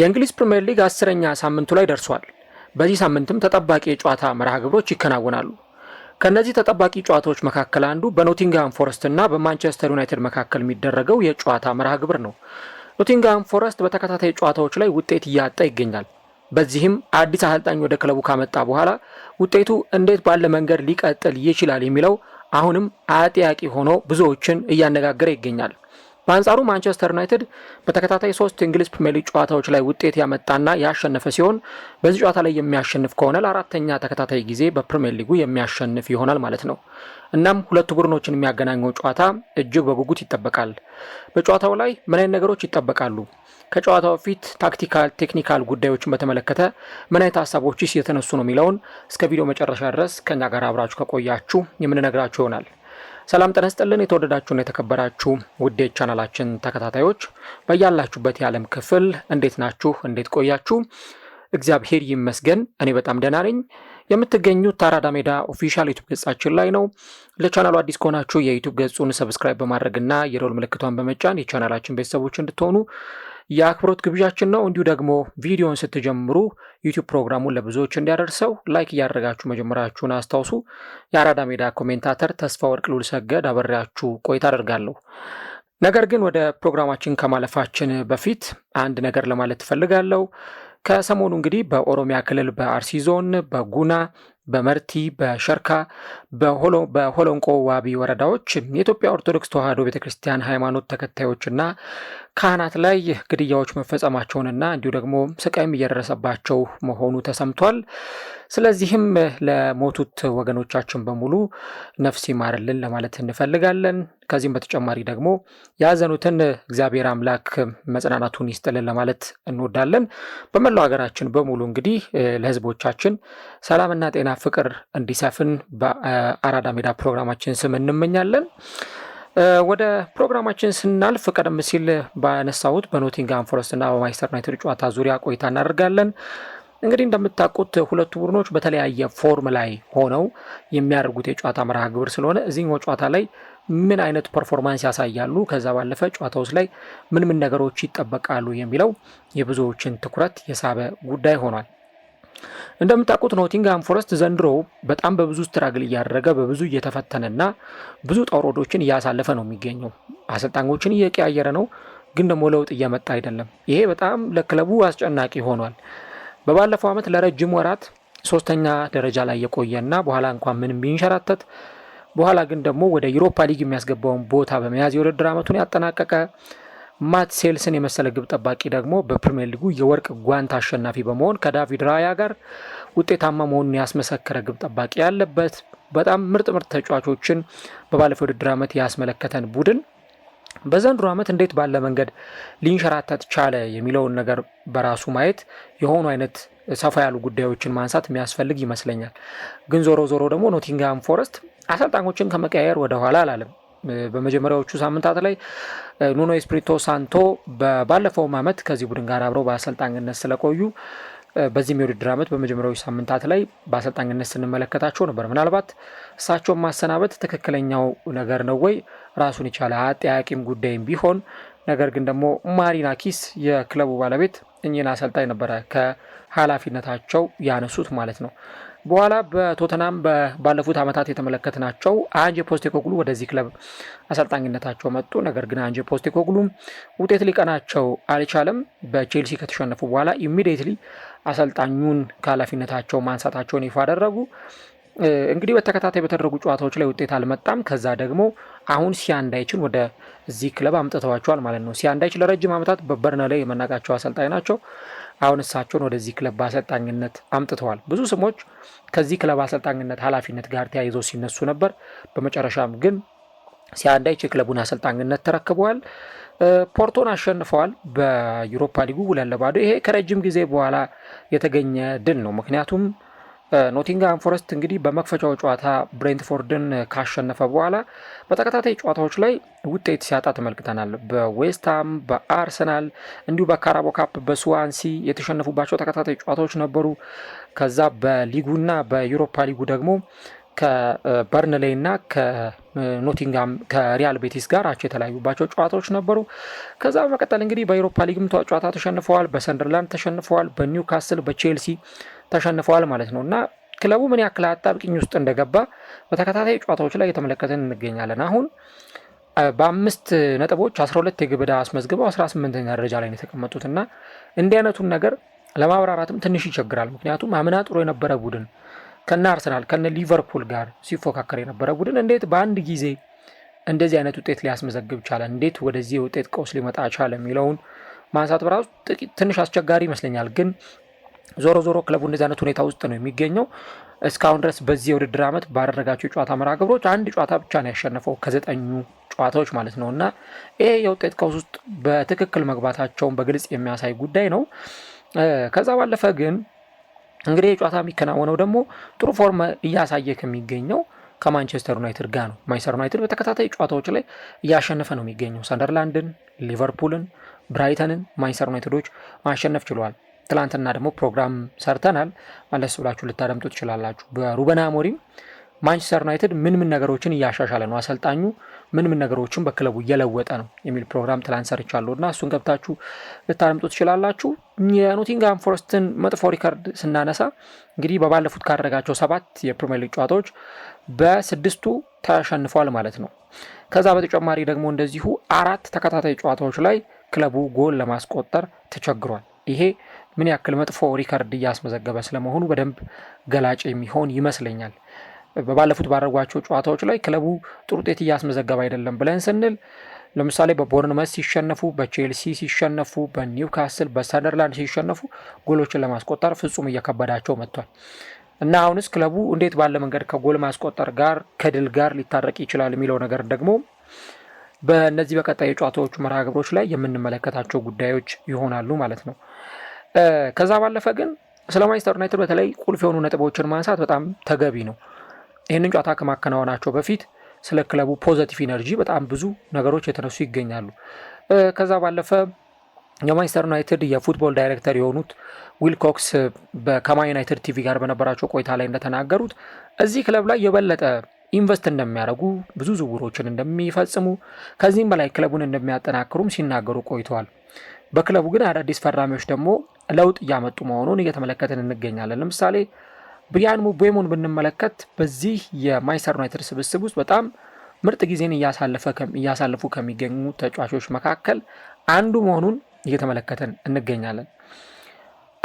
የእንግሊዝ ፕሪምየር ሊግ አስረኛ ሳምንቱ ላይ ደርሷል። በዚህ ሳምንትም ተጠባቂ የጨዋታ መርሃ ግብሮች ይከናወናሉ። ከእነዚህ ተጠባቂ ጨዋታዎች መካከል አንዱ በኖቲንግሃም ፎረስት እና በማንቸስተር ዩናይትድ መካከል የሚደረገው የጨዋታ መርሃ ግብር ነው። ኖቲንግሃም ፎረስት በተከታታይ ጨዋታዎች ላይ ውጤት እያጣ ይገኛል። በዚህም አዲስ አሰልጣኝ ወደ ክለቡ ካመጣ በኋላ ውጤቱ እንዴት ባለ መንገድ ሊቀጥል ይችላል የሚለው አሁንም አጥያቂ ሆኖ ብዙዎችን እያነጋገረ ይገኛል። በአንጻሩ ማንቸስተር ዩናይትድ በተከታታይ ሶስት የእንግሊዝ ፕሪምየር ሊግ ጨዋታዎች ላይ ውጤት ያመጣና ያሸነፈ ሲሆን በዚህ ጨዋታ ላይ የሚያሸንፍ ከሆነ ለአራተኛ ተከታታይ ጊዜ በፕሪምየር ሊጉ የሚያሸንፍ ይሆናል ማለት ነው። እናም ሁለቱ ቡድኖችን የሚያገናኘው ጨዋታ እጅግ በጉጉት ይጠበቃል። በጨዋታው ላይ ምን አይነት ነገሮች ይጠበቃሉ? ከጨዋታው ፊት ታክቲካል፣ ቴክኒካል ጉዳዮችን በተመለከተ ምን አይነት ሀሳቦች እየተነሱ ነው የሚለውን እስከ ቪዲዮ መጨረሻ ድረስ ከኛ ጋር አብራችሁ ከቆያችሁ የምንነግራችሁ ይሆናል። ሰላም ጤና ይስጥልን። የተወደዳችሁና የተከበራችሁ ውዴ ቻናላችን ተከታታዮች በያላችሁበት የዓለም ክፍል እንዴት ናችሁ? እንዴት ቆያችሁ? እግዚአብሔር ይመስገን እኔ በጣም ደህና ነኝ። የምትገኙት ታራዳ ሜዳ ኦፊሻል ዩቱብ ገጻችን ላይ ነው። ለቻናሉ አዲስ ከሆናችሁ የዩቱብ ገጹን ሰብስክራይብ በማድረግና የደወል ምልክቷን በመጫን የቻናላችን ቤተሰቦች እንድትሆኑ የአክብሮት ግብዣችን ነው። እንዲሁ ደግሞ ቪዲዮን ስትጀምሩ ዩቲዩብ ፕሮግራሙን ለብዙዎች እንዲያደርሰው ላይክ እያደረጋችሁ መጀመራችሁን አስታውሱ። የአራዳ ሜዳ ኮሜንታተር ተስፋ ወርቅ ልዑል ሰገድ አበሬያችሁ ቆይታ አደርጋለሁ። ነገር ግን ወደ ፕሮግራማችን ከማለፋችን በፊት አንድ ነገር ለማለት ትፈልጋለሁ። ከሰሞኑ እንግዲህ በኦሮሚያ ክልል በአርሲ ዞን በጉና በመርቲ በሸርካ በሆሎንቆ ዋቢ ወረዳዎች የኢትዮጵያ ኦርቶዶክስ ተዋሕዶ ቤተክርስቲያን ሃይማኖት ተከታዮችና ካህናት ላይ ግድያዎች መፈጸማቸውንና እንዲሁ ደግሞ ስቃይም እየደረሰባቸው መሆኑ ተሰምቷል። ስለዚህም ለሞቱት ወገኖቻችን በሙሉ ነፍስ ይማርልን ለማለት እንፈልጋለን። ከዚህም በተጨማሪ ደግሞ ያዘኑትን እግዚአብሔር አምላክ መጽናናቱን ይስጥልን ለማለት እንወዳለን። በመላው ሀገራችን በሙሉ እንግዲህ ለህዝቦቻችን ሰላምና ጤና፣ ፍቅር እንዲሰፍን በአራዳ ሜዳ ፕሮግራማችን ስም እንመኛለን። ወደ ፕሮግራማችን ስናልፍ ቀደም ሲል ባነሳሁት በኖቲንግሃም ፎረስት እና በማንቸስተር ዩናይትድ ጨዋታ ዙሪያ ቆይታ እናደርጋለን። እንግዲህ እንደምታውቁት ሁለቱ ቡድኖች በተለያየ ፎርም ላይ ሆነው የሚያደርጉት የጨዋታ መርሃ ግብር ስለሆነ እዚህኛው ጨዋታ ላይ ምን አይነት ፐርፎርማንስ ያሳያሉ፣ ከዛ ባለፈ ጨዋታ ውስጥ ላይ ምን ምን ነገሮች ይጠበቃሉ የሚለው የብዙዎችን ትኩረት የሳበ ጉዳይ ሆኗል። እንደምታውቁት ኖቲንግሃም ፎረስት ዘንድሮ በጣም በብዙ ስትራግል እያደረገ በብዙ እየተፈተነና ብዙ ጠውሮዶችን እያሳለፈ ነው የሚገኘው። አሰልጣኞችን እየቀያየረ ነው፣ ግን ደግሞ ለውጥ እየመጣ አይደለም። ይሄ በጣም ለክለቡ አስጨናቂ ሆኗል። በባለፈው ዓመት ለረጅም ወራት ሶስተኛ ደረጃ ላይ የቆየና በኋላ እንኳን ምንም ቢንሸራተት በኋላ ግን ደግሞ ወደ ዩሮፓ ሊግ የሚያስገባውን ቦታ በመያዝ የውድድር ዓመቱን ያጠናቀቀ ማት ሴልስን የመሰለ ግብ ጠባቂ ደግሞ በፕሪምየር ሊጉ የወርቅ ጓንት አሸናፊ በመሆን ከዳቪድ ራያ ጋር ውጤታማ መሆኑን ያስመሰከረ ግብ ጠባቂ ያለበት በጣም ምርጥ ምርጥ ተጫዋቾችን በባለፈው ውድድር ዓመት ያስመለከተን ቡድን በዘንድሮ ዓመት እንዴት ባለ መንገድ ሊንሸራተት ቻለ የሚለውን ነገር በራሱ ማየት የሆኑ አይነት ሰፋ ያሉ ጉዳዮችን ማንሳት የሚያስፈልግ ይመስለኛል። ግን ዞሮ ዞሮ ደግሞ ኖቲንግሃም ፎረስት አሰልጣኞችን ከመቀያየር ወደኋላ አላለም። በመጀመሪያዎቹ ሳምንታት ላይ ኑኖ ኤስፒሪቶ ሳንቶ ባለፈውም ዓመት ከዚህ ቡድን ጋር አብረው በአሰልጣኝነት ስለቆዩ በዚህም የውድድር ዓመት በመጀመሪያዊ ሳምንታት ላይ በአሰልጣኝነት ስንመለከታቸው ነበር። ምናልባት እሳቸውን ማሰናበት ትክክለኛው ነገር ነው ወይ ራሱን የቻለ አጠያቂም ጉዳይም ቢሆን ነገር ግን ደግሞ ማሪናኪስ የክለቡ ባለቤት እኚህን አሰልጣኝ ነበረ ከኃላፊነታቸው ያነሱት ማለት ነው። በኋላ በቶተናም ባለፉት ዓመታት የተመለከትናቸው አንጄ ፖስቴኮግሉ ወደዚህ ክለብ አሰልጣኝነታቸው መጡ። ነገር ግን አንጄ ፖስቴኮግሉ ውጤት ሊቀናቸው አልቻለም። በቼልሲ ከተሸነፉ በኋላ ኢሚዲየትሊ አሰልጣኙን ከኃላፊነታቸው ማንሳታቸውን ይፋ አደረጉ። እንግዲህ በተከታታይ በተደረጉ ጨዋታዎች ላይ ውጤት አልመጣም። ከዛ ደግሞ አሁን ሲያንዳይችን ወደ እዚህ ክለብ አምጥተዋቸዋል ማለት ነው። ሲያንዳይች ለረጅም ዓመታት በበርነ ላይ የመናቃቸው አሰልጣኝ ናቸው። አሁን እሳቸውን ወደዚህ ክለብ በአሰልጣኝነት አምጥተዋል። ብዙ ስሞች ከዚህ ክለብ አሰልጣኝነት ኃላፊነት ጋር ተያይዘው ሲነሱ ነበር። በመጨረሻም ግን ሲያንዳይች የክለቡን አሰልጣኝነት ተረክበዋል። ፖርቶን አሸንፈዋል በዩሮፓ ሊጉ ሁለት ለባዶ። ይሄ ከረጅም ጊዜ በኋላ የተገኘ ድል ነው ምክንያቱም ኖቲንግሃም ፎረስት እንግዲህ በመክፈቻው ጨዋታ ብሬንትፎርድን ካሸነፈ በኋላ በተከታታይ ጨዋታዎች ላይ ውጤት ሲያጣ ተመልክተናል። በዌስትሃም፣ በአርሰናል እንዲሁ በካራቦ ካፕ በስዋንሲ የተሸነፉባቸው ተከታታይ ጨዋታዎች ነበሩ። ከዛ በሊጉና በዩሮፓ ሊጉ ደግሞ ከበርንሌይ እና ከኖቲንጋም ከሪያል ቤቲስ ጋር አቸው የተለያዩባቸው ጨዋታዎች ነበሩ። ከዛ በመቀጠል እንግዲህ በኤሮፓ ሊግም ጨዋታ ተሸንፈዋል። በሰንደርላንድ ተሸንፈዋል። በኒውካስል፣ በቼልሲ ተሸንፈዋል ማለት ነው እና ክለቡ ምን ያክል አጣብቂኝ ውስጥ እንደገባ በተከታታይ ጨዋታዎች ላይ እየተመለከትን እንገኛለን። አሁን በአምስት ነጥቦች 12 የግብ ዕዳ አስመዝግበው 18ኛ ደረጃ ላይ ነው የተቀመጡት እና እንዲህ አይነቱን ነገር ለማብራራትም ትንሽ ይቸግራል። ምክንያቱም አምና ጥሩ የነበረ ቡድን ከነ አርሰናል ከነ ሊቨርፑል ጋር ሲፎካከር የነበረ ቡድን እንዴት በአንድ ጊዜ እንደዚህ አይነት ውጤት ሊያስመዘግብ ቻለ፣ እንዴት ወደዚህ የውጤት ቀውስ ሊመጣ ቻለ የሚለውን ማንሳት በራሱ ትንሽ አስቸጋሪ ይመስለኛል ግን ዞሮ ዞሮ ክለቡ እንደዚህ አይነት ሁኔታ ውስጥ ነው የሚገኘው። እስካሁን ድረስ በዚህ የውድድር ዓመት ባደረጋቸው የጨዋታ መርሃ ግብሮች አንድ ጨዋታ ብቻ ነው ያሸነፈው ከዘጠኙ ጨዋታዎች ማለት ነው እና ይሄ የውጤት ቀውስ ውስጥ በትክክል መግባታቸውን በግልጽ የሚያሳይ ጉዳይ ነው። ከዛ ባለፈ ግን እንግዲህ የጨዋታ የሚከናወነው ደግሞ ጥሩ ፎርም እያሳየ ከሚገኘው ከማንቸስተር ዩናይትድ ጋር ነው። ማንቸስተር ዩናይትድ በተከታታይ ጨዋታዎች ላይ እያሸነፈ ነው የሚገኘው። ሰንደርላንድን፣ ሊቨርፑልን፣ ብራይተንን ማንቸስተር ዩናይትዶች ማሸነፍ ችለዋል። ትላንትና ደግሞ ፕሮግራም ሰርተናል። መለስ ብላችሁ ልታደምጡ ትችላላችሁ። በሩበን አሞሪም ማንቸስተር ዩናይትድ ምን ምን ነገሮችን እያሻሻለ ነው፣ አሰልጣኙ ምን ምን ነገሮችን በክለቡ እየለወጠ ነው የሚል ፕሮግራም ትላንት ሰርቻለሁ እና እሱን ገብታችሁ ልታደምጡ ትችላላችሁ። የኖቲንግሃም ፎረስትን መጥፎ ሪከርድ ስናነሳ እንግዲህ በባለፉት ካደረጋቸው ሰባት የፕሪሚየር ሊግ ጨዋታዎች በስድስቱ ተሸንፏል ማለት ነው። ከዛ በተጨማሪ ደግሞ እንደዚሁ አራት ተከታታይ ጨዋታዎች ላይ ክለቡ ጎል ለማስቆጠር ተቸግሯል። ይሄ ምን ያክል መጥፎ ሪከርድ እያስመዘገበ ስለመሆኑ በደንብ ገላጭ የሚሆን ይመስለኛል። በባለፉት ባደረጓቸው ጨዋታዎች ላይ ክለቡ ጥሩ ውጤት እያስመዘገበ አይደለም ብለን ስንል ለምሳሌ በቦርንመስ ሲሸነፉ፣ በቼልሲ ሲሸነፉ፣ በኒውካስል በሰንደርላንድ ሲሸነፉ ጎሎችን ለማስቆጠር ፍጹም እየከበዳቸው መጥቷል እና አሁንስ ክለቡ እንዴት ባለ መንገድ ከጎል ማስቆጠር ጋር ከድል ጋር ሊታረቅ ይችላል የሚለው ነገር ደግሞ በእነዚህ በቀጣይ የጨዋታዎቹ መርሃ ግብሮች ላይ የምንመለከታቸው ጉዳዮች ይሆናሉ ማለት ነው። ከዛ ባለፈ ግን ስለ ማንቸስተር ዩናይትድ በተለይ ቁልፍ የሆኑ ነጥቦችን ማንሳት በጣም ተገቢ ነው። ይህንን ጨዋታ ከማከናወናቸው በፊት ስለ ክለቡ ፖዘቲቭ ኢነርጂ በጣም ብዙ ነገሮች የተነሱ ይገኛሉ። ከዛ ባለፈ የማንቸስተር ዩናይትድ የፉትቦል ዳይሬክተር የሆኑት ዊልኮክስ ከማን ዩናይትድ ቲቪ ጋር በነበራቸው ቆይታ ላይ እንደተናገሩት እዚህ ክለብ ላይ የበለጠ ኢንቨስት እንደሚያደርጉ ብዙ ዝውውሮችን እንደሚፈጽሙ ከዚህም በላይ ክለቡን እንደሚያጠናክሩም ሲናገሩ ቆይተዋል። በክለቡ ግን አዳዲስ ፈራሚዎች ደግሞ ለውጥ እያመጡ መሆኑን እየተመለከትን እንገኛለን። ለምሳሌ ብሪያን ምቤሞን ብንመለከት በዚህ የማንችስተር ዩናይትድ ስብስብ ውስጥ በጣም ምርጥ ጊዜን እያሳለፉ ከሚገኙ ተጫዋቾች መካከል አንዱ መሆኑን እየተመለከትን እንገኛለን።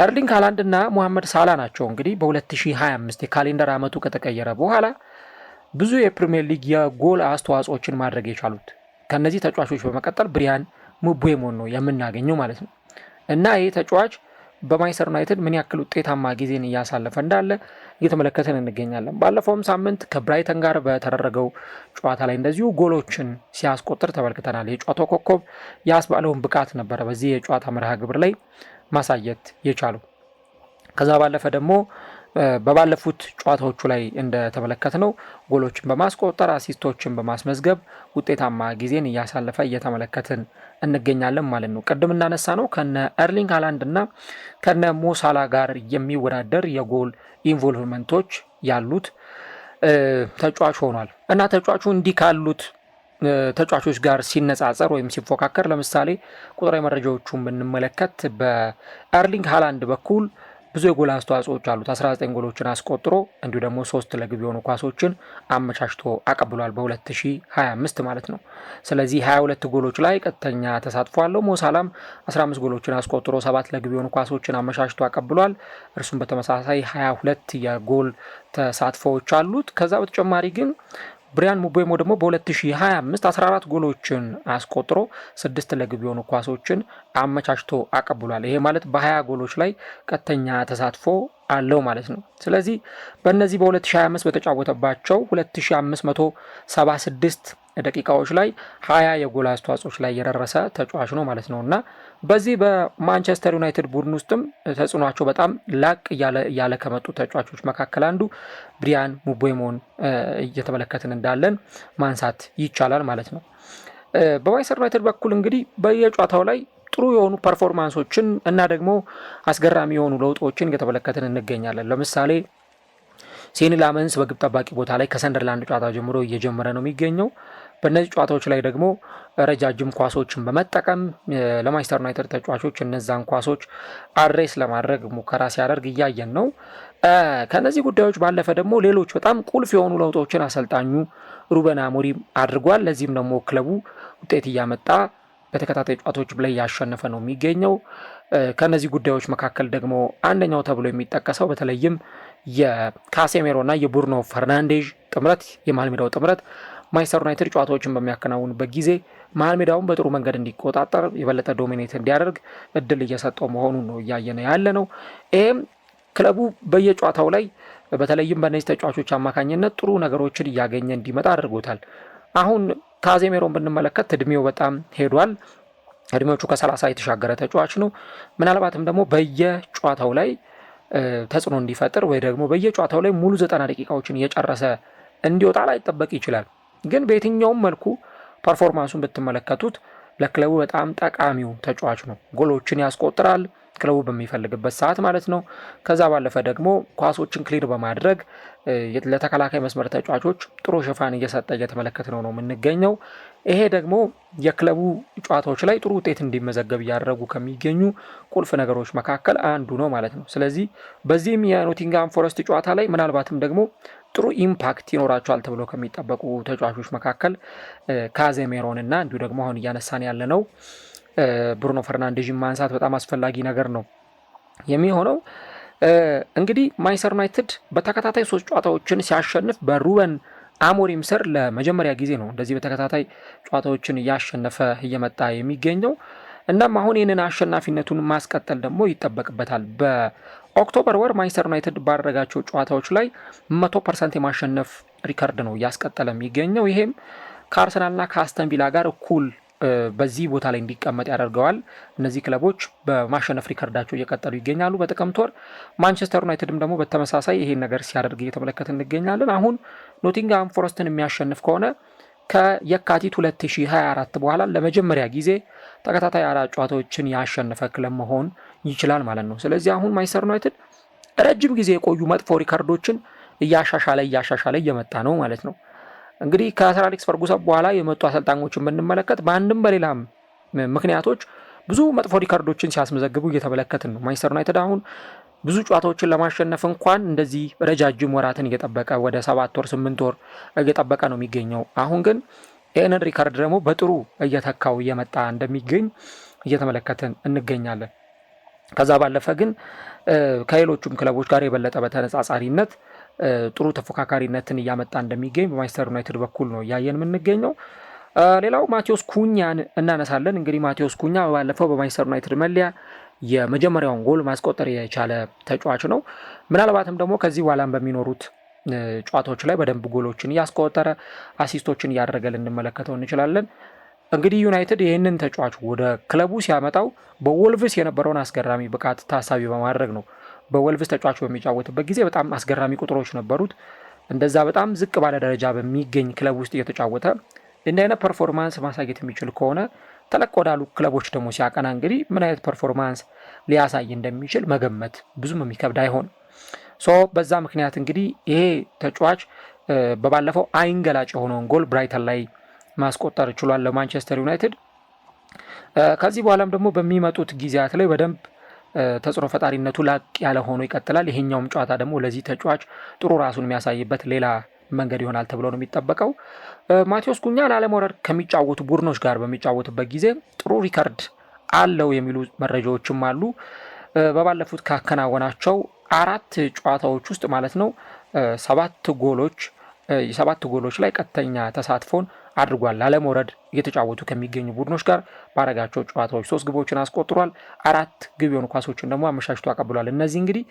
ኤርሊንግ ሃላንድ እና ሙሐመድ ሳላ ናቸው እንግዲህ በ2025 የካሌንደር ዓመቱ ከተቀየረ በኋላ ብዙ የፕሪምየር ሊግ የጎል አስተዋጽኦችን ማድረግ የቻሉት ከእነዚህ ተጫዋቾች በመቀጠል ብሪያን ምቡሞን ነው የምናገኘው ማለት ነው። እና ይህ ተጫዋች በማንቸስተር ዩናይትድ ምን ያክል ውጤታማ ጊዜን እያሳለፈ እንዳለ እየተመለከተን እንገኛለን። ባለፈውም ሳምንት ከብራይተን ጋር በተደረገው ጨዋታ ላይ እንደዚሁ ጎሎችን ሲያስቆጥር ተመልክተናል። የጨዋታው ኮከብ ያስባለውን ብቃት ነበረ በዚህ የጨዋታ መርሃ ግብር ላይ ማሳየት የቻሉ ከዛ ባለፈ ደግሞ በባለፉት ጨዋታዎቹ ላይ እንደተመለከት ነው ጎሎችን በማስቆጠር አሲስቶችን በማስመዝገብ ውጤታማ ጊዜን እያሳለፈ እየተመለከትን እንገኛለን ማለት ነው። ቅድም እናነሳ ነው ከነ ኤርሊንግ ሃላንድ እና ከነ ሞሳላ ጋር የሚወዳደር የጎል ኢንቮልቭመንቶች ያሉት ተጫዋች ሆኗል እና ተጫዋቹ እንዲህ ካሉት ተጫዋቾች ጋር ሲነጻጸር ወይም ሲፎካከር ለምሳሌ ቁጥራዊ መረጃዎቹን ብንመለከት በኤርሊንግ ሃላንድ በኩል ብዙ የጎል አስተዋጽኦዎች አሉት። 19 ጎሎችን አስቆጥሮ እንዲሁ ደግሞ ሶስት ለግብ የሆኑ ኳሶችን አመቻችቶ አቀብሏል በ2025 ማለት ነው። ስለዚህ 22 ጎሎች ላይ ቀጥተኛ ተሳትፎ አለው። ሞሳላም 15 ጎሎችን አስቆጥሮ ሰባት ለግብ የሆኑ ኳሶችን አመቻችቶ አቀብሏል። እርሱም በተመሳሳይ 22 የጎል ተሳትፎዎች አሉት። ከዛ በተጨማሪ ግን ብሪያን ሙቤሞ ደግሞ በ2025 14 ጎሎችን አስቆጥሮ ስድስት ለግብ የሆኑ ኳሶችን አመቻችቶ አቀብሏል። ይሄ ማለት በ20 ጎሎች ላይ ቀጥተኛ ተሳትፎ አለው ማለት ነው። ስለዚህ በእነዚህ በ2025 በተጫወተባቸው 2576 ደቂቃዎች ላይ ሀያ የጎል አስተዋጽኦች ላይ የደረሰ ተጫዋች ነው ማለት ነው እና በዚህ በማንቸስተር ዩናይትድ ቡድን ውስጥም ተጽዕኖቸው በጣም ላቅ እያለ ከመጡ ተጫዋቾች መካከል አንዱ ብሪያን ሙቦሞን እየተመለከትን እንዳለን ማንሳት ይቻላል ማለት ነው። በማንቸስተር ዩናይትድ በኩል እንግዲህ በየጨዋታው ላይ ጥሩ የሆኑ ፐርፎርማንሶችን እና ደግሞ አስገራሚ የሆኑ ለውጦችን እየተመለከትን እንገኛለን። ለምሳሌ ሴኒ ላመንስ በግብ ጠባቂ ቦታ ላይ ከሰንደርላንድ ጨዋታ ጀምሮ እየጀመረ ነው የሚገኘው። በእነዚህ ጨዋታዎች ላይ ደግሞ ረጃጅም ኳሶችን በመጠቀም ለማንቸስተር ዩናይትድ ተጫዋቾች እነዛን ኳሶች አድሬስ ለማድረግ ሙከራ ሲያደርግ እያየን ነው። ከነዚህ ጉዳዮች ባለፈ ደግሞ ሌሎች በጣም ቁልፍ የሆኑ ለውጦችን አሰልጣኙ ሩበን አሞሪም አድርጓል። ለዚህም ደግሞ ክለቡ ውጤት እያመጣ በተከታታይ ጨዋታዎች ላይ እያሸነፈ ነው የሚገኘው። ከነዚህ ጉዳዮች መካከል ደግሞ አንደኛው ተብሎ የሚጠቀሰው በተለይም የካሴሜሮ እና የቡርኖ ፈርናንዴዥ ጥምረት የመሃል ሜዳው ጥምረት ማንቸስተር ዩናይትድ ጨዋታዎችን በሚያከናውንበት ጊዜ መሀል ሜዳውን በጥሩ መንገድ እንዲቆጣጠር የበለጠ ዶሚኔት እንዲያደርግ እድል እየሰጠው መሆኑን ነው እያየነ ያለ ነው። ይህም ክለቡ በየጨዋታው ላይ በተለይም በእነዚህ ተጫዋቾች አማካኝነት ጥሩ ነገሮችን እያገኘ እንዲመጣ አድርጎታል። አሁን ካዜሜሮን ብንመለከት እድሜው በጣም ሄዷል። እድሜዎቹ ከሰላሳ የተሻገረ ተጫዋች ነው። ምናልባትም ደግሞ በየጨዋታው ላይ ተጽዕኖ እንዲፈጥር ወይ ደግሞ በየጨዋታው ላይ ሙሉ ዘጠና ደቂቃዎችን እየጨረሰ እንዲወጣ ላይ ይችላል። ግን በየትኛውም መልኩ ፐርፎርማንሱን ብትመለከቱት ለክለቡ በጣም ጠቃሚው ተጫዋች ነው። ጎሎችን ያስቆጥራል ክለቡ በሚፈልግበት ሰዓት ማለት ነው። ከዛ ባለፈ ደግሞ ኳሶችን ክሊር በማድረግ ለተከላካይ መስመር ተጫዋቾች ጥሩ ሽፋን እየሰጠ እየተመለከት ነው ነው የምንገኘው። ይሄ ደግሞ የክለቡ ጨዋታዎች ላይ ጥሩ ውጤት እንዲመዘገብ እያደረጉ ከሚገኙ ቁልፍ ነገሮች መካከል አንዱ ነው ማለት ነው። ስለዚህ በዚህም የኖቲንግሃም ፎረስት ጨዋታ ላይ ምናልባትም ደግሞ ጥሩ ኢምፓክት ይኖራቸዋል ተብሎ ከሚጠበቁ ተጫዋቾች መካከል ካዜሜሮን እና እንዲሁ ደግሞ አሁን እያነሳን ያለነው ብሩኖ ፈርናንዴዥን ማንሳት በጣም አስፈላጊ ነገር ነው የሚሆነው። እንግዲህ ማይሰር ዩናይትድ በተከታታይ ሶስት ጨዋታዎችን ሲያሸንፍ በሩበን አሞሪም ስር ለመጀመሪያ ጊዜ ነው እንደዚህ በተከታታይ ጨዋታዎችን እያሸነፈ እየመጣ የሚገኘው። እናም አሁን ይህንን አሸናፊነቱን ማስቀጠል ደግሞ ይጠበቅበታል። ኦክቶበር ወር ማንቸስተር ዩናይትድ ባደረጋቸው ጨዋታዎች ላይ መቶ ፐርሰንት የማሸነፍ ሪከርድ ነው እያስቀጠለ የሚገኘው። ይሄም ከአርሰናልና ከአስተን ቪላ ጋር እኩል በዚህ ቦታ ላይ እንዲቀመጥ ያደርገዋል። እነዚህ ክለቦች በማሸነፍ ሪከርዳቸው እየቀጠሉ ይገኛሉ። በጥቅምት ወር ማንቸስተር ዩናይትድም ደግሞ በተመሳሳይ ይሄን ነገር ሲያደርግ እየተመለከት እንገኛለን። አሁን ኖቲንግሃም ፎረስትን የሚያሸንፍ ከሆነ ከየካቲት 2024 በኋላ ለመጀመሪያ ጊዜ ተከታታይ አራት ጨዋታዎችን ያሸነፈ ክለብ መሆን ይችላል ማለት ነው። ስለዚህ አሁን ማንቸስተር ዩናይትድ ረጅም ጊዜ የቆዩ መጥፎ ሪከርዶችን እያሻሻለ እያሻሻለ እየመጣ ነው ማለት ነው። እንግዲህ ከሰር አሌክስ ፈርጉሰን በኋላ የመጡ አሰልጣኞችን ብንመለከት በአንድም በሌላም ምክንያቶች ብዙ መጥፎ ሪከርዶችን ሲያስመዘግቡ እየተመለከትን ነው። ማንቸስተር ዩናይትድ አሁን ብዙ ጨዋታዎችን ለማሸነፍ እንኳን እንደዚህ ረጃጅም ወራትን እየጠበቀ ወደ ሰባት ወር ስምንት ወር እየጠበቀ ነው የሚገኘው። አሁን ግን ይህንን ሪከርድ ደግሞ በጥሩ እየተካው እየመጣ እንደሚገኝ እየተመለከትን እንገኛለን። ከዛ ባለፈ ግን ከሌሎቹም ክለቦች ጋር የበለጠ በተነጻጻሪነት ጥሩ ተፎካካሪነትን እያመጣ እንደሚገኝ በማንቸስተር ዩናይትድ በኩል ነው እያየን የምንገኘው። ሌላው ማቴዎስ ኩኛን እናነሳለን። እንግዲህ ማቴዎስ ኩኛ ባለፈው በማንቸስተር ዩናይትድ መለያ የመጀመሪያውን ጎል ማስቆጠር የቻለ ተጫዋች ነው። ምናልባትም ደግሞ ከዚህ በኋላም በሚኖሩት ጨዋታዎች ላይ በደንብ ጎሎችን እያስቆጠረ አሲስቶችን እያደረገ ልንመለከተው እንችላለን። እንግዲህ ዩናይትድ ይህንን ተጫዋች ወደ ክለቡ ሲያመጣው በወልቭስ የነበረውን አስገራሚ ብቃት ታሳቢ በማድረግ ነው። በወልቭስ ተጫዋች በሚጫወትበት ጊዜ በጣም አስገራሚ ቁጥሮች ነበሩት። እንደዛ በጣም ዝቅ ባለ ደረጃ በሚገኝ ክለብ ውስጥ እየተጫወተ እንዲህ አይነት ፐርፎርማንስ ማሳየት የሚችል ከሆነ ተለቅ ወዳሉ ክለቦች ደግሞ ሲያቀና እንግዲህ ምን አይነት ፐርፎርማንስ ሊያሳይ እንደሚችል መገመት ብዙም የሚከብድ አይሆን። ሶ በዛ ምክንያት እንግዲህ ይሄ ተጫዋች በባለፈው አይንገላጭ የሆነውን ጎል ብራይተን ላይ ማስቆጠር ችሏል ለማንቸስተር ዩናይትድ። ከዚህ በኋላም ደግሞ በሚመጡት ጊዜያት ላይ በደንብ ተጽዕኖ ፈጣሪነቱ ላቅ ያለ ሆኖ ይቀጥላል። ይሄኛውም ጨዋታ ደግሞ ለዚህ ተጫዋች ጥሩ ራሱን የሚያሳይበት ሌላ መንገድ ይሆናል ተብሎ ነው የሚጠበቀው። ማቴዎስ ኩኛ ላለመውረድ ከሚጫወቱ ቡድኖች ጋር በሚጫወትበት ጊዜ ጥሩ ሪከርድ አለው የሚሉ መረጃዎችም አሉ። በባለፉት ካከናወናቸው አራት ጨዋታዎች ውስጥ ማለት ነው ሰባት ጎሎች ሰባት ጎሎች ላይ ቀጥተኛ ተሳትፎን አድርጓል። ላለመውረድ እየተጫወቱ ከሚገኙ ቡድኖች ጋር ባረጋቸው ጨዋታዎች ሶስት ግቦችን አስቆጥሯል። አራት ግብ የሆኑ ኳሶችን ደግሞ አመሻሽቶ አቀብሏል። እነዚህ እንግዲህ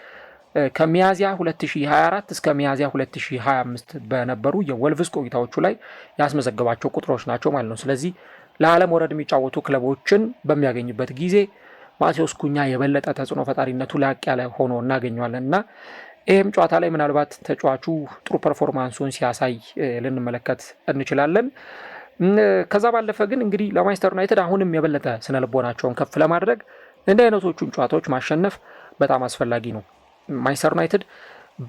ከሚያዚያ 2024 እስከ ሚያዚያ 2025 በነበሩ የወልቭስ ቆይታዎቹ ላይ ያስመዘገባቸው ቁጥሮች ናቸው ማለት ነው። ስለዚህ ለዓለም ወረድ የሚጫወቱ ክለቦችን በሚያገኝበት ጊዜ ማቴዎስ ኩኛ የበለጠ ተጽዕኖ ፈጣሪነቱ ላቅ ያለ ሆኖ እናገኘዋለን እና ይህም ጨዋታ ላይ ምናልባት ተጫዋቹ ጥሩ ፐርፎርማንሱን ሲያሳይ ልንመለከት እንችላለን። ከዛ ባለፈ ግን እንግዲህ ለማንቸስተር ዩናይትድ አሁንም የበለጠ ስነልቦናቸውን ከፍ ለማድረግ እንዲህ አይነቶቹን ጨዋታዎች ማሸነፍ በጣም አስፈላጊ ነው። ማንቸስተር ዩናይትድ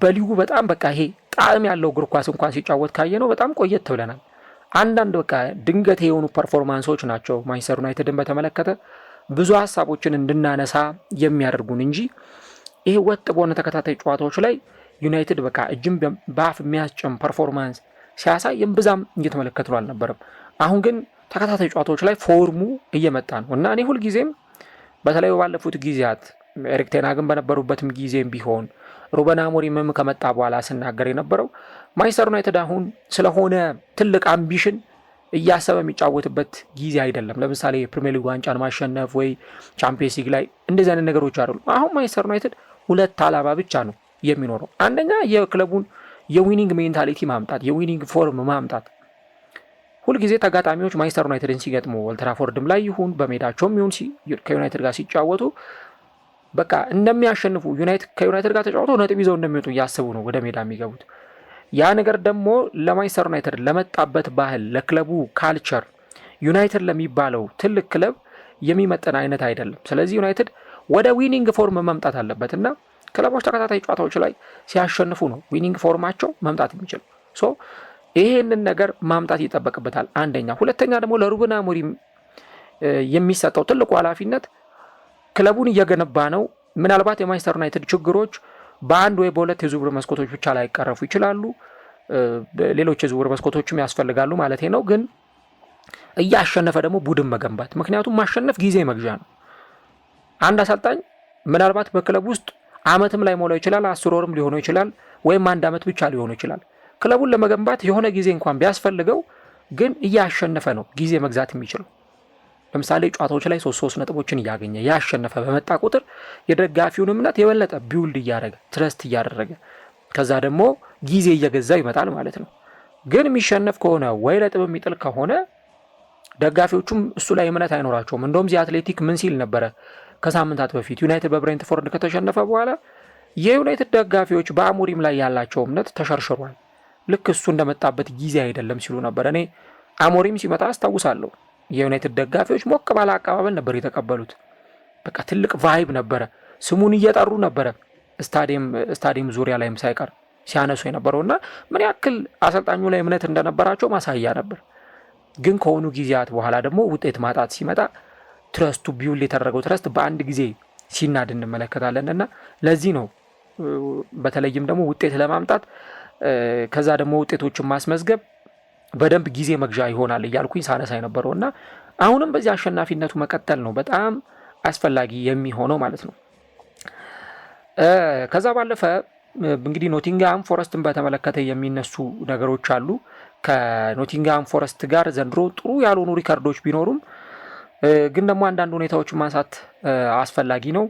በሊጉ በጣም በቃ ይሄ ጣዕም ያለው እግር ኳስ እንኳን ሲጫወት ካየ ነው በጣም ቆየት ብለናል። አንዳንድ በቃ ድንገት የሆኑ ፐርፎርማንሶች ናቸው ማንቸስተር ዩናይትድን በተመለከተ ብዙ ሀሳቦችን እንድናነሳ የሚያደርጉን እንጂ ይሄ ወጥ በሆነ ተከታታይ ጨዋታዎች ላይ ዩናይትድ በቃ እጅም በአፍ የሚያስጨም ፐርፎርማንስ ሲያሳይ እምብዛም እየተመለከት ነው አልነበረም። አሁን ግን ተከታታይ ጨዋታዎች ላይ ፎርሙ እየመጣ ነው እና እኔ ሁልጊዜም በተለይ ባለፉት ጊዜያት ኤሪክ ቴን ሃግን በነበሩበትም ጊዜም ቢሆን ሩበን አሞሪምም ከመጣ በኋላ ስናገር የነበረው ማንቸስተር ዩናይትድ አሁን ስለሆነ ትልቅ አምቢሽን እያሰበ የሚጫወትበት ጊዜ አይደለም። ለምሳሌ የፕሪሚየር ሊግ ዋንጫን ማሸነፍ ወይ ቻምፒየንስ ሊግ ላይ እንደዚህ አይነት ነገሮች አሉ። አሁን ማንቸስተር ዩናይትድ ሁለት ዓላማ ብቻ ነው የሚኖረው። አንደኛ የክለቡን የዊኒንግ ሜንታሊቲ ማምጣት፣ የዊኒንግ ፎርም ማምጣት። ሁልጊዜ ተጋጣሚዎች ማንቸስተር ዩናይትድን ሲገጥሙ ኦልትራፎርድም ላይ ይሁን በሜዳቸውም ይሁን ከዩናይትድ ጋር ሲጫወቱ በቃ እንደሚያሸንፉ ከዩናይትድ ጋር ተጫውቶ ነጥብ ይዘው እንደሚወጡ እያስቡ ነው ወደ ሜዳ የሚገቡት። ያ ነገር ደግሞ ለማንቸስተር ዩናይትድ ለመጣበት ባህል፣ ለክለቡ ካልቸር፣ ዩናይትድ ለሚባለው ትልቅ ክለብ የሚመጠን አይነት አይደለም። ስለዚህ ዩናይትድ ወደ ዊኒንግ ፎርም መምጣት አለበት እና ክለቦች ተከታታይ ጨዋታዎች ላይ ሲያሸንፉ ነው ዊኒንግ ፎርማቸው መምጣት የሚችል ሶ ይሄንን ነገር ማምጣት ይጠበቅበታል። አንደኛ። ሁለተኛ ደግሞ ለሩበን አሞሪም የሚሰጠው ትልቁ ኃላፊነት ክለቡን እየገነባ ነው። ምናልባት የማንቸስተር ዩናይትድ ችግሮች በአንድ ወይ በሁለት የዝውውር መስኮቶች ብቻ ይቀረፉ ይችላሉ። ሌሎች የዝውውር መስኮቶችም ያስፈልጋሉ ማለት ነው። ግን እያሸነፈ ደግሞ ቡድን መገንባት ምክንያቱም ማሸነፍ ጊዜ መግዣ ነው። አንድ አሰልጣኝ ምናልባት በክለብ ውስጥ አመትም ላይ ሞላው ይችላል፣ አስር ወርም ሊሆነው ይችላል፣ ወይም አንድ አመት ብቻ ሊሆነው ይችላል። ክለቡን ለመገንባት የሆነ ጊዜ እንኳን ቢያስፈልገው ግን እያሸነፈ ነው ጊዜ መግዛት የሚችለው። ለምሳሌ ጨዋታዎች ላይ ሶስት ሶስት ነጥቦችን እያገኘ ያሸነፈ በመጣ ቁጥር የደጋፊውን እምነት የበለጠ ቢውልድ እያደረገ ትረስት እያደረገ ከዛ ደግሞ ጊዜ እየገዛው ይመጣል ማለት ነው። ግን የሚሸነፍ ከሆነ ወይ ነጥብ የሚጥል ከሆነ ደጋፊዎቹም እሱ ላይ እምነት አይኖራቸውም። እንደውም ዚህ አትሌቲክ ምን ሲል ነበረ ከሳምንታት በፊት ዩናይትድ በብሬንትፎርድ ከተሸነፈ በኋላ የዩናይትድ ደጋፊዎች በአሞሪም ላይ ያላቸው እምነት ተሸርሽሯል። ልክ እሱ እንደመጣበት ጊዜ አይደለም ሲሉ ነበር። እኔ አሞሪም ሲመጣ አስታውሳለሁ የዩናይትድ ደጋፊዎች ሞቅ ባለ አቀባበል ነበር የተቀበሉት። በቃ ትልቅ ቫይብ ነበረ። ስሙን እየጠሩ ነበረ ስታዲየም ዙሪያ ላይም ሳይቀር ሲያነሱ የነበረው እና ምን ያክል አሰልጣኙ ላይ እምነት እንደነበራቸው ማሳያ ነበር። ግን ከሆኑ ጊዜያት በኋላ ደግሞ ውጤት ማጣት ሲመጣ ትረስቱ ቢውል የተደረገው ትረስት በአንድ ጊዜ ሲናድ እንመለከታለን እና ለዚህ ነው በተለይም ደግሞ ውጤት ለማምጣት ከዛ ደግሞ ውጤቶችን ማስመዝገብ በደንብ ጊዜ መግዣ ይሆናል እያልኩኝ ሳነሳ የነበረው እና አሁንም በዚህ አሸናፊነቱ መቀጠል ነው በጣም አስፈላጊ የሚሆነው ማለት ነው። ከዛ ባለፈ እንግዲህ ኖቲንግሃም ፎረስትን በተመለከተ የሚነሱ ነገሮች አሉ። ከኖቲንግሃም ፎረስት ጋር ዘንድሮ ጥሩ ያልሆኑ ሪከርዶች ቢኖሩም ግን ደግሞ አንዳንድ ሁኔታዎችን ማንሳት አስፈላጊ ነው።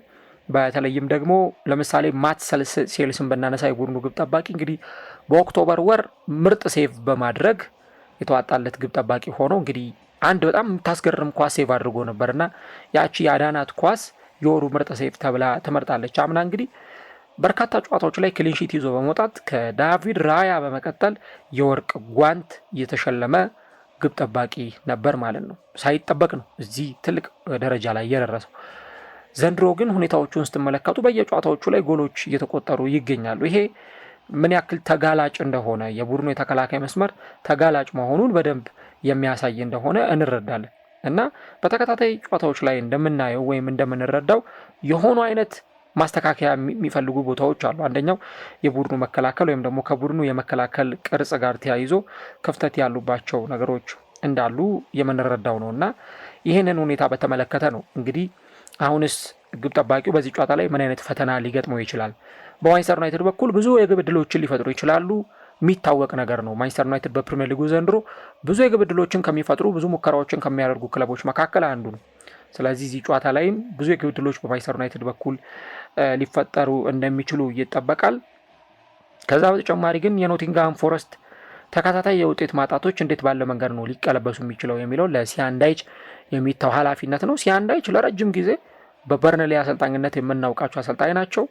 በተለይም ደግሞ ለምሳሌ ማት ሴልስን ብናነሳ የቡድኑ ግብ ጠባቂ እንግዲህ በኦክቶበር ወር ምርጥ ሴቭ በማድረግ የተዋጣለት ግብ ጠባቂ ሆኖ እንግዲህ አንድ በጣም የምታስገርም ኳስ ሴቭ አድርጎ ነበር እና ያቺ የአዳናት ኳስ የወሩ ምርጥ ሴቭ ተብላ ተመርጣለች። አምና እንግዲህ በርካታ ጨዋታዎች ላይ ክሊንሺት ይዞ በመውጣት ከዳቪድ ራያ በመቀጠል የወርቅ ጓንት እየተሸለመ ግብ ጠባቂ ነበር ማለት ነው። ሳይጠበቅ ነው እዚህ ትልቅ ደረጃ ላይ የደረሰው። ዘንድሮ ግን ሁኔታዎቹን ስትመለከቱ በየጨዋታዎቹ ላይ ጎሎች እየተቆጠሩ ይገኛሉ። ይሄ ምን ያክል ተጋላጭ እንደሆነ የቡድኑ የተከላካይ መስመር ተጋላጭ መሆኑን በደንብ የሚያሳይ እንደሆነ እንረዳለን እና በተከታታይ ጨዋታዎች ላይ እንደምናየው ወይም እንደምንረዳው የሆኑ አይነት ማስተካከያ የሚፈልጉ ቦታዎች አሉ። አንደኛው የቡድኑ መከላከል ወይም ደግሞ ከቡድኑ የመከላከል ቅርጽ ጋር ተያይዞ ክፍተት ያሉባቸው ነገሮች እንዳሉ የምንረዳው ነው እና ይህንን ሁኔታ በተመለከተ ነው እንግዲህ አሁንስ ግብ ጠባቂው በዚህ ጨዋታ ላይ ምን አይነት ፈተና ሊገጥመው ይችላል? በማንቸስተር ዩናይትድ በኩል ብዙ የግብ ድሎችን ሊፈጥሩ ይችላሉ። የሚታወቅ ነገር ነው። ማንቸስተር ዩናይትድ በፕሪምየር ሊጉ ዘንድሮ ብዙ የግብ ድሎችን ከሚፈጥሩ ብዙ ሙከራዎችን ከሚያደርጉ ክለቦች መካከል አንዱ ነው። ስለዚህ እዚህ ጨዋታ ላይም ብዙ የግብ ድሎች በማንቸስተር ዩናይትድ በኩል ሊፈጠሩ እንደሚችሉ ይጠበቃል። ከዛ በተጨማሪ ግን የኖቲንግሃም ፎረስት ተከታታይ የውጤት ማጣቶች እንዴት ባለ መንገድ ነው ሊቀለበሱ የሚችለው የሚለው ለሲያንዳይች የሚተው ኃላፊነት ነው። ሲያንዳይች ለረጅም ጊዜ በበርነሌ አሰልጣኝነት የምናውቃቸው አሰልጣኝ ናቸው።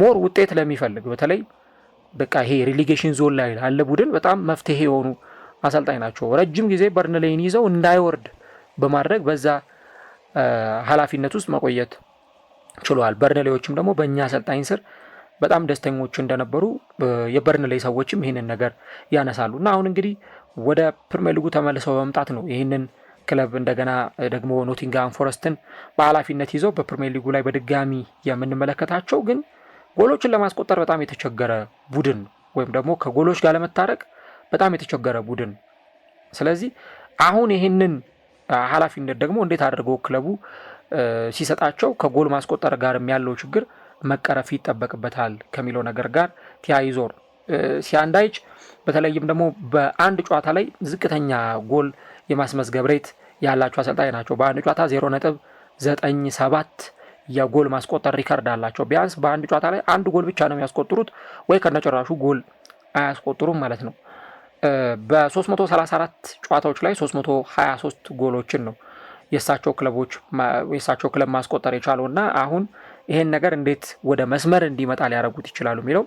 ሞር ውጤት ለሚፈልግ በተለይ በቃ ይሄ ሪሊጌሽን ዞን ላይ ላለ ቡድን በጣም መፍትሄ የሆኑ አሰልጣኝ ናቸው። ረጅም ጊዜ በርንሌን ይዘው እንዳይወርድ በማድረግ በዛ ኃላፊነት ውስጥ መቆየት ችሏል። በርንሌዎችም ደግሞ በእኛ አሰልጣኝ ስር በጣም ደስተኞቹ እንደነበሩ የበርንሌ ሰዎችም ይህንን ነገር ያነሳሉ እና አሁን እንግዲህ ወደ ፕሪሚየር ሊጉ ተመልሰው በመምጣት ነው ይህንን ክለብ እንደገና ደግሞ ኖቲንግሃም ፎረስትን በኃላፊነት ይዘው በፕሪሚየር ሊጉ ላይ በድጋሚ የምንመለከታቸው ግን ጎሎችን ለማስቆጠር በጣም የተቸገረ ቡድን ወይም ደግሞ ከጎሎች ጋር ለመታረቅ በጣም የተቸገረ ቡድን። ስለዚህ አሁን ይህንን ኃላፊነት ደግሞ እንዴት አድርገው ክለቡ ሲሰጣቸው ከጎል ማስቆጠር ጋርም ያለው ችግር መቀረፍ ይጠበቅበታል ከሚለው ነገር ጋር ተያይዞ ሲያንዳይች በተለይም ደግሞ በአንድ ጨዋታ ላይ ዝቅተኛ ጎል የማስመዝገብ ሬት ያላቸው አሰልጣኝ ናቸው። በአንድ ጨዋታ ዜሮ ነጥብ ዘጠኝ ሰባት የጎል ማስቆጠር ሪከርድ አላቸው። ቢያንስ በአንድ ጨዋታ ላይ አንድ ጎል ብቻ ነው የሚያስቆጥሩት ወይ ከነጨራሹ ጎል አያስቆጥሩም ማለት ነው። በ334 ጨዋታዎች ላይ 323 ጎሎችን ነው የእሳቸው ክለቦች የእሳቸው ክለብ ማስቆጠር የቻለው እና አሁን ይሄን ነገር እንዴት ወደ መስመር እንዲመጣ ሊያደርጉት ይችላሉ የሚለው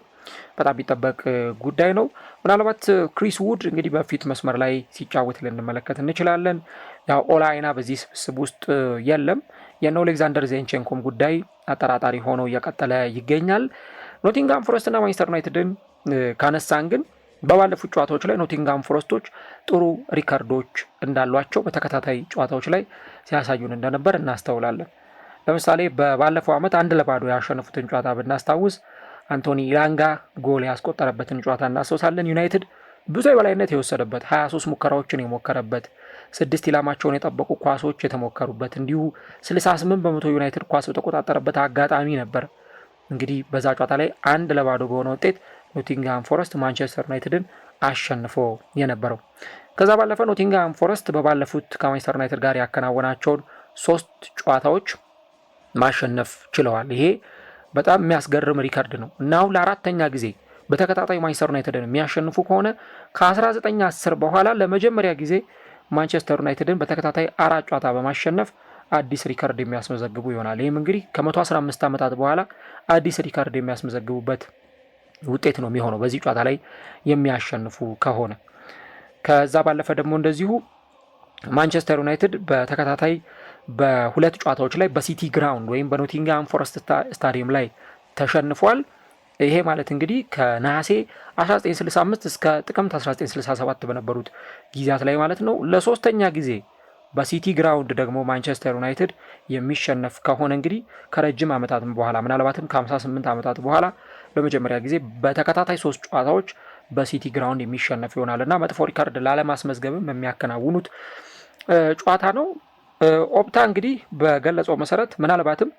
በጣም ቢጠበቅ ጉዳይ ነው። ምናልባት ክሪስ ውድ እንግዲህ በፊት መስመር ላይ ሲጫወት ልንመለከት እንችላለን። ያው ኦላ አይና በዚህ ስብስብ ውስጥ የለም። የነ ኦሌግዛንደር ዜንቼንኮም ጉዳይ አጠራጣሪ ሆኖ እየቀጠለ ይገኛል። ኖቲንግሃም ፎረስትና ማንቸስተር ዩናይትድን ካነሳን ግን በባለፉት ጨዋታዎች ላይ ኖቲንጋም ፎረስቶች ጥሩ ሪከርዶች እንዳሏቸው በተከታታይ ጨዋታዎች ላይ ሲያሳዩን እንደነበር እናስተውላለን። ለምሳሌ በባለፈው ዓመት አንድ ለባዶ ያሸነፉትን ጨዋታ ብናስታውስ አንቶኒ ኢላንጋ ጎል ያስቆጠረበትን ጨዋታ እናስታውሳለን። ዩናይትድ ብዙ የበላይነት የወሰደበት 23 ሙከራዎችን የሞከረበት ስድስት ኢላማቸውን የጠበቁ ኳሶች የተሞከሩበት እንዲሁ 68 በመቶ ዩናይትድ ኳስ በተቆጣጠረበት አጋጣሚ ነበር። እንግዲህ በዛ ጨዋታ ላይ አንድ ለባዶ በሆነ ውጤት ኖቲንግሃም ፎረስት ማንቸስተር ዩናይትድን አሸንፎ የነበረው። ከዛ ባለፈ ኖቲንግሃም ፎረስት በባለፉት ከማንቸስተር ዩናይትድ ጋር ያከናወናቸውን ሶስት ጨዋታዎች ማሸነፍ ችለዋል። ይሄ በጣም የሚያስገርም ሪከርድ ነው እና አሁን ለአራተኛ ጊዜ በተከታታይ ማንቸስተር ዩናይትድን የሚያሸንፉ ከሆነ ከ1910 በኋላ ለመጀመሪያ ጊዜ ማንቸስተር ዩናይትድን በተከታታይ አራት ጨዋታ በማሸነፍ አዲስ ሪከርድ የሚያስመዘግቡ ይሆናል። ይህም እንግዲህ ከ115 ዓመታት በኋላ አዲስ ሪከርድ የሚያስመዘግቡበት ውጤት ነው የሚሆነው በዚህ ጨዋታ ላይ የሚያሸንፉ ከሆነ። ከዛ ባለፈ ደግሞ እንደዚሁ ማንቸስተር ዩናይትድ በተከታታይ በሁለት ጨዋታዎች ላይ በሲቲ ግራውንድ ወይም በኖቲንግሃም ፎረስት ስታዲየም ላይ ተሸንፏል። ይሄ ማለት እንግዲህ ከነሐሴ 1965 እስከ ጥቅምት 1967 በነበሩት ጊዜያት ላይ ማለት ነው። ለሶስተኛ ጊዜ በሲቲ ግራውንድ ደግሞ ማንቸስተር ዩናይትድ የሚሸነፍ ከሆነ እንግዲህ ከረጅም ዓመታትም በኋላ ምናልባትም ከ58 ዓመታት በኋላ ለመጀመሪያ ጊዜ በተከታታይ ሶስት ጨዋታዎች በሲቲ ግራውንድ የሚሸነፍ ይሆናል እና መጥፎ ሪካርድ ላለማስመዝገብም የሚያከናውኑት ጨዋታ ነው። ኦፕታ እንግዲህ በገለጸው መሰረት ምናልባትም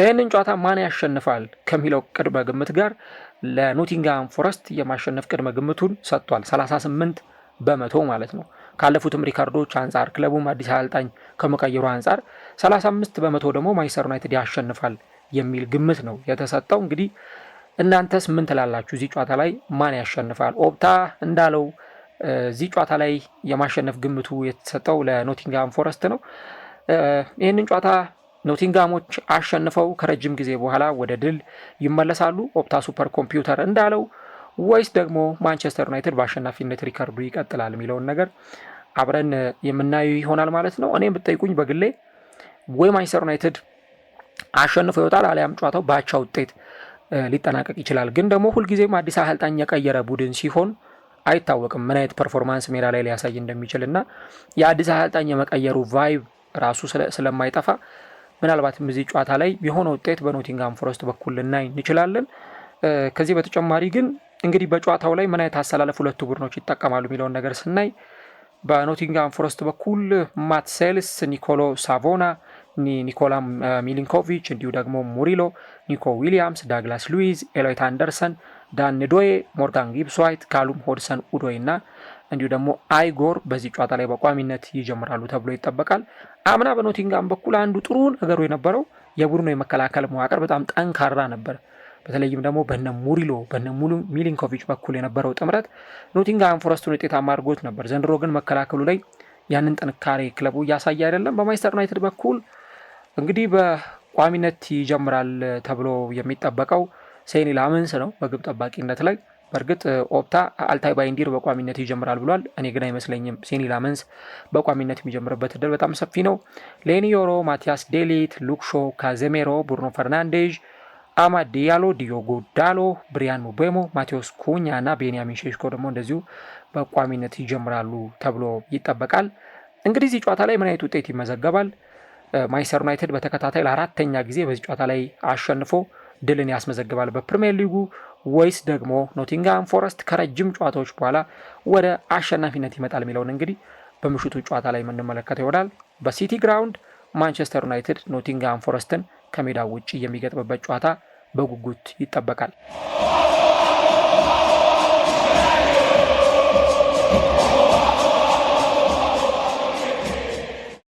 ይህንን ጨዋታ ማን ያሸንፋል ከሚለው ቅድመ ግምት ጋር ለኖቲንግሃም ፎረስት የማሸነፍ ቅድመ ግምቱን ሰጥቷል። 38 በመቶ ማለት ነው። ካለፉትም ሪካርዶች አንጻር ክለቡም አዲስ አሰልጣኝ ከመቀየሩ አንጻር 35 በመቶ ደግሞ ማንችስተር ዩናይትድ ያሸንፋል የሚል ግምት ነው የተሰጠው እንግዲህ እናንተስ ምን ትላላችሁ? እዚህ ጨዋታ ላይ ማን ያሸንፋል? ኦፕታ እንዳለው እዚህ ጨዋታ ላይ የማሸነፍ ግምቱ የተሰጠው ለኖቲንግሃም ፎረስት ነው። ይህንን ጨዋታ ኖቲንግሃሞች አሸንፈው ከረጅም ጊዜ በኋላ ወደ ድል ይመለሳሉ ኦፕታ ሱፐር ኮምፒውተር እንዳለው ወይስ ደግሞ ማንቸስተር ዩናይትድ በአሸናፊነት ሪከርዱ ይቀጥላል የሚለውን ነገር አብረን የምናየው ይሆናል ማለት ነው። እኔም ብጠይቁኝ በግሌ ወይ ማንቸስተር ዩናይትድ አሸንፎ ይወጣል አሊያም ጨዋታው በአቻ ውጤት ሊጠናቀቅ ይችላል። ግን ደግሞ ሁልጊዜም አዲስ አሰልጣኝ የቀየረ ቡድን ሲሆን አይታወቅም ምን አይነት ፐርፎርማንስ ሜዳ ላይ ሊያሳይ እንደሚችል እና የአዲስ አሰልጣኝ የመቀየሩ ቫይብ ራሱ ስለማይጠፋ ምናልባትም እዚህ ጨዋታ ላይ የሆነ ውጤት በኖቲንጋም ፎረስት በኩል ልናይ እንችላለን። ከዚህ በተጨማሪ ግን እንግዲህ በጨዋታው ላይ ምን አይነት አሰላለፍ ሁለቱ ቡድኖች ይጠቀማሉ የሚለውን ነገር ስናይ በኖቲንጋም ፎረስት በኩል ማትሴልስ፣ ኒኮሎ ሳቮና ኒኮላ ሚሊንኮቪች፣ እንዲሁ ደግሞ ሙሪሎ፣ ኒኮ ዊሊያምስ፣ ዳግላስ ሉዊዝ፣ ኤሎይት አንደርሰን፣ ዳን ዶዬ፣ ሞርጋን ጊብስ ዋይት፣ ካሉም ሆድሰን ኡዶይ እና እንዲሁ ደግሞ አይጎር በዚህ ጨዋታ ላይ በቋሚነት ይጀምራሉ ተብሎ ይጠበቃል። አምና በኖቲንጋም በኩል አንዱ ጥሩ ነገሩ የነበረው የቡድኑ የመከላከል መዋቅር በጣም ጠንካራ ነበር። በተለይም ደግሞ በነ ሙሪሎ በነ ሙሉ ሚሊንኮቪች በኩል የነበረው ጥምረት ኖቲንግሃም ፎረስቱን ውጤታማ አድርጎት ነበር። ዘንድሮ ግን መከላከሉ ላይ ያንን ጥንካሬ ክለቡ እያሳየ አይደለም። በማንቸስተር ዩናይትድ በኩል እንግዲህ በቋሚነት ይጀምራል ተብሎ የሚጠበቀው ሴኒ ላመንስ ነው በግብ ጠባቂነት ላይ። በእርግጥ ኦፕታ አልታይ ባይንዲር በቋሚነት ይጀምራል ብሏል። እኔ ግን አይመስለኝም ሴኒ ላመንስ በቋሚነት የሚጀምርበት እድል በጣም ሰፊ ነው። ሌኒዮሮ፣ ማቲያስ ዴሊት፣ ሉክሾ፣ ካዜሜሮ፣ ቡርኖ ፈርናንዴዥ፣ አማድ ዲያሎ፣ ዲዮጎ ዳሎ፣ ብሪያን ሙቤሞ፣ ማቴዎስ ኩኛ እና ቤንያሚን ሼሽኮ ደግሞ እንደዚሁ በቋሚነት ይጀምራሉ ተብሎ ይጠበቃል። እንግዲህ እዚህ ጨዋታ ላይ ምን አይነት ውጤት ይመዘገባል? ማንቸስተር ዩናይትድ በተከታታይ ለአራተኛ ጊዜ በዚህ ጨዋታ ላይ አሸንፎ ድልን ያስመዘግባል በፕሪምየር ሊጉ ወይስ ደግሞ ኖቲንግሃም ፎረስት ከረጅም ጨዋታዎች በኋላ ወደ አሸናፊነት ይመጣል የሚለውን እንግዲህ በምሽቱ ጨዋታ ላይ የምንመለከተው ይሆናል። በሲቲ ግራውንድ ማንቸስተር ዩናይትድ ኖቲንግሃም ፎረስትን ከሜዳ ውጭ የሚገጥምበት ጨዋታ በጉጉት ይጠበቃል።